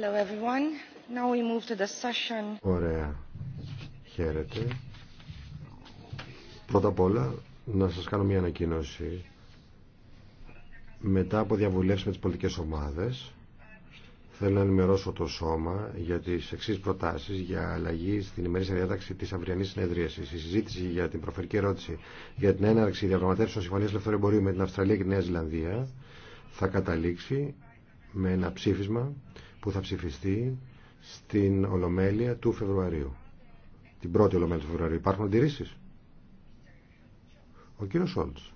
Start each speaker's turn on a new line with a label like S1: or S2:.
S1: Hello everyone. Now we move to the session.
S2: Ωραία.
S3: Χαίρετε. Πρώτα απ' όλα να σας κάνω μια ανακοίνωση. Μετά από διαβουλεύσεις με τις πολιτικές ομάδες θέλω να ενημερώσω το Σώμα για τις εξή προτάσεις για αλλαγή στην ημερήσια διάταξη της αυριανής συνεδρίασης. Η συζήτηση για την προφερική ερώτηση για την έναρξη διαπραγματεύσεων συμφωνίας ελευθερίου εμπορίου με την Αυστραλία και τη Νέα Ζηλανδία θα καταλήξει με ένα ψήφισμα που θα ψηφιστεί στην Ολομέλεια του Φεβρουαρίου. Την πρώτη Ολομέλεια του Φεβρουαρίου. Υπάρχουν αντιρρήσεις. Ο
S4: κύριος Σόλτς.